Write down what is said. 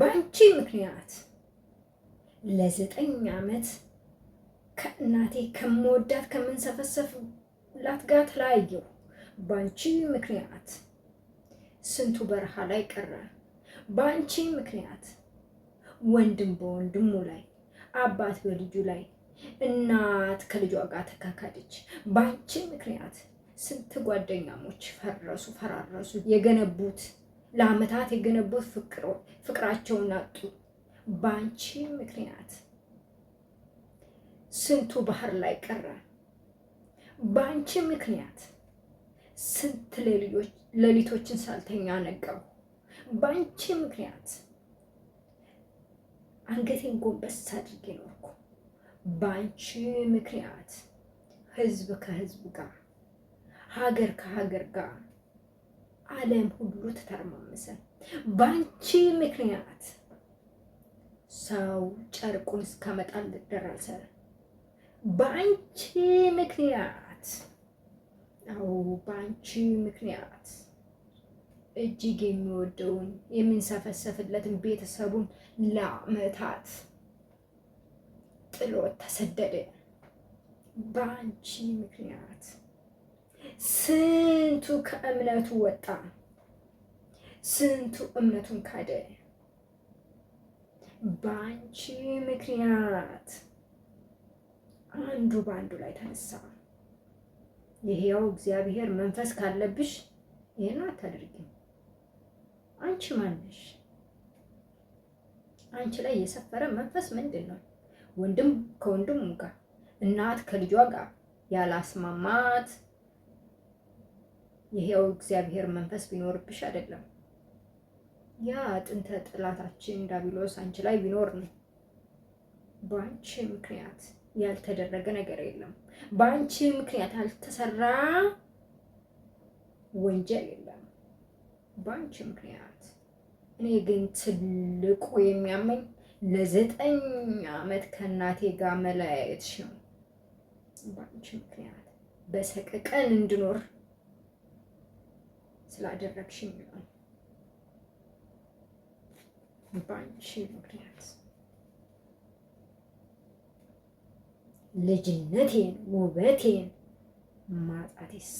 በአንቺ ምክንያት ለዘጠኝ ዓመት ከእናቴ ከምወዳት ከምንሰፈሰፍላት ጋር ተለያየሁ። በአንቺ ምክንያት ስንቱ በረሃ ላይ ቀረ። በአንቺ ምክንያት ወንድም በወንድሙ ላይ፣ አባት በልጁ ላይ፣ እናት ከልጇ ጋር ተካካደች። በአንቺ ምክንያት ስንት ጓደኛሞች ፈረሱ ፈራረሱ የገነቡት ለአመታት የገነቡት ፍቅራቸውን አጡ። በአንቺ ምክንያት ስንቱ ባህር ላይ ቀረ። በአንቺ ምክንያት ስንት ሌሊቶችን ሳልተኛ ነጋው። በአንቺ ምክንያት አንገቴን ጎንበስ አድርጌ ኖርኩ። በአንቺ ምክንያት ህዝብ ከህዝብ ጋር፣ ሀገር ከሀገር ጋር ዓለም ሁሉ ተተርማመሰ። ባንቺ ምክንያት ሰው ጨርቁን እስከመጣል ደረሰ። ባንቺ ምክንያት አዎ፣ ባንቺ ምክንያት እጅግ የሚወደውን የሚንሰፈሰፍለትን ቤተሰቡን ለአመታት ጥሎት ተሰደደ። ባንቺ ምክንያት ስንቱ ከእምነቱ ወጣ፣ ስንቱ እምነቱን ካደ። በአንቺ ምክንያት አንዱ በአንዱ ላይ ተነሳ። የሕያው እግዚአብሔር መንፈስ ካለብሽ ይህን አታደርጊም። አንቺ ማነሽ? አንቺ ላይ የሰፈረ መንፈስ ምንድን ነው? ወንድም ከወንድሙ ጋር፣ እናት ከልጇ ጋር ያላስማማት የህያው እግዚአብሔር መንፈስ ቢኖርብሽ አይደለም ያ ጥንተ ጥላታችን ዳቢሎስ አንቺ ላይ ቢኖር ነው። በአንቺ ምክንያት ያልተደረገ ነገር የለም። በአንቺ ምክንያት ያልተሰራ ወንጀል የለም። በአንቺ ምክንያት እኔ ግን ትልቁ የሚያመኝ ለዘጠኝ ዓመት ከእናቴ ጋር መለያየትሽ ነው። በአንቺ ምክንያት በሰቀቀን እንድኖር ስላደረግሽኝ ነው በአንቺ ምክንያት ልጅነቴን ውበቴን ማጣቴስ